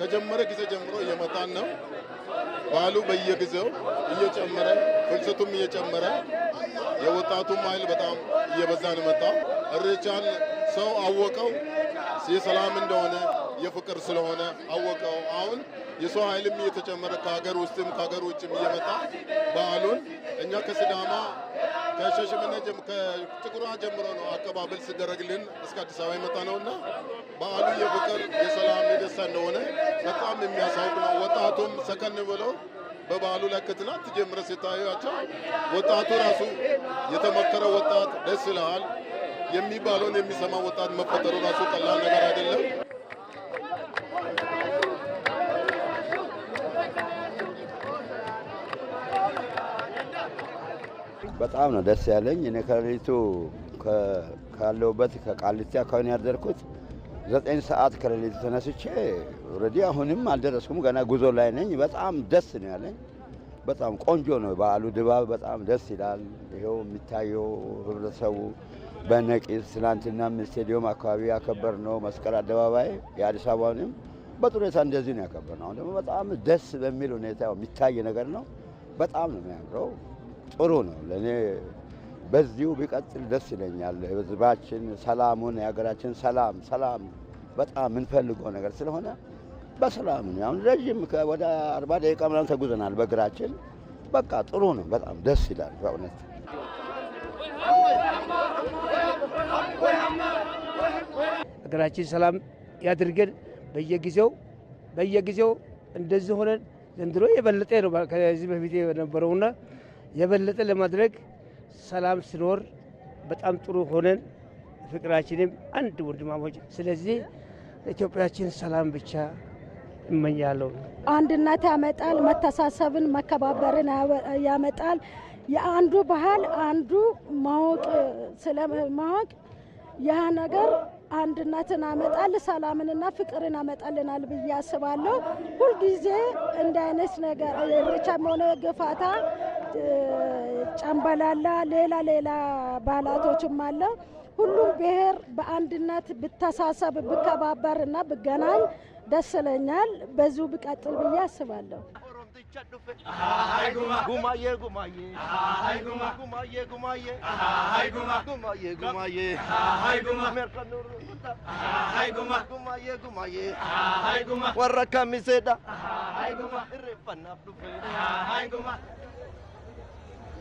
ከጀመረ ጊዜ ጀምሮ እየመጣን ነው። ባህሉ በየጊዜው እየጨመረ ፍልሰቱም እየጨመረ የወጣቱም ኃይል በጣም እየበዛ ነው መጣ። እሬቻን ሰው አወቀው የሰላም እንደሆነ የፍቅር ስለሆነ አወቀው። አሁን የሰው ኃይልም እየተጨመረ ከሀገር ውስጥም ከሀገር ውጭም እየመጣ ባህሉን እኛ ከስዳማ ከሸሽምነ ከጥቁሯ ጀምሮ ነው አቀባበል ሲደረግልን እስከ አዲስ አበባ የመጣ ነውና በዓሉ የፍቅር እንደሆነ በጣም የሚያሳውቅ ነው። ወጣቱም ሰከን ብሎ በባህሉ ላይ ከትናንት ጀምረ ስታዩቸው ወጣቱ ራሱ የተመከረ ወጣት ደስ ይልሃል። የሚባለውን የሚሰማ ወጣት መፈጠሩ ራሱ ቀላል ነገር አይደለም። በጣም ነው ደስ ያለኝ። እኔ ከሌሊቱ ካለሁበት ከቃሊቲ አካባቢ ያደርኩት ዘጠኝ ሰዓት ከሌሊት ተነስቼ ረዲ አሁንም አልደረስኩም፣ ገና ጉዞ ላይ ነኝ። በጣም ደስ ነው ያለኝ። በጣም ቆንጆ ነው በዓሉ ድባብ በጣም ደስ ይላል። ይኸው የሚታየው ህብረተሰቡ በነቂስ ትናንትና ስቴዲየም አካባቢ ያከበር ነው መስቀል አደባባይ የአዲስ አበባንም በጥሩ ሁኔታ እንደዚህ ነው ያከበር ነው። አሁን ደግሞ በጣም ደስ በሚል ሁኔታ የሚታይ ነገር ነው። በጣም ነው የሚያምረው። ጥሩ ነው ለእኔ በዚሁ ቢቀጥል ደስ ይለኛል። ህዝባችን ሰላሙን የሀገራችን ሰላም ሰላም በጣም የምንፈልገው ነገር ስለሆነ በሰላም ነው። ረዥም ወደ አርባ ደቂቃ ምናምን ተጉዘናል በእግራችን። በቃ ጥሩ ነው። በጣም ደስ ይላል በእውነት። ሀገራችን ሰላም ያድርገን። በየጊዜው በየጊዜው እንደዚህ ሆነን ዘንድሮ የበለጠ ነው ከዚህ በፊት የነበረውና የበለጠ ለማድረግ ሰላም ሲኖር በጣም ጥሩ ሆነን ፍቅራችንም አንድ ወንድማሞች ስለዚህ ለኢትዮጵያችን ሰላም ብቻ እመኛለሁ። አንድነት ያመጣል፣ መተሳሰብን መከባበርን ያመጣል። የአንዱ ባህል አንዱ ማወቅ ስለማወቅ ያ ነገር አንድነትን አመጣል፣ ሰላምንና ፍቅርን አመጣልናል ብዬ አስባለሁ። ሁልጊዜ እንደ አይነት ነገር ርቻ መሆነ ግፋታ ጨምበላላ፣ ሌላ ሌላ ባህላቶችም አለ። ሁሉም ብሔር በአንድነት ብተሳሰብ ብከባበር እና ብገናኝ ደስ ለኛል በዚሁ ብቀጥል ብዬ አስባለሁ። ወረከሚሴዳ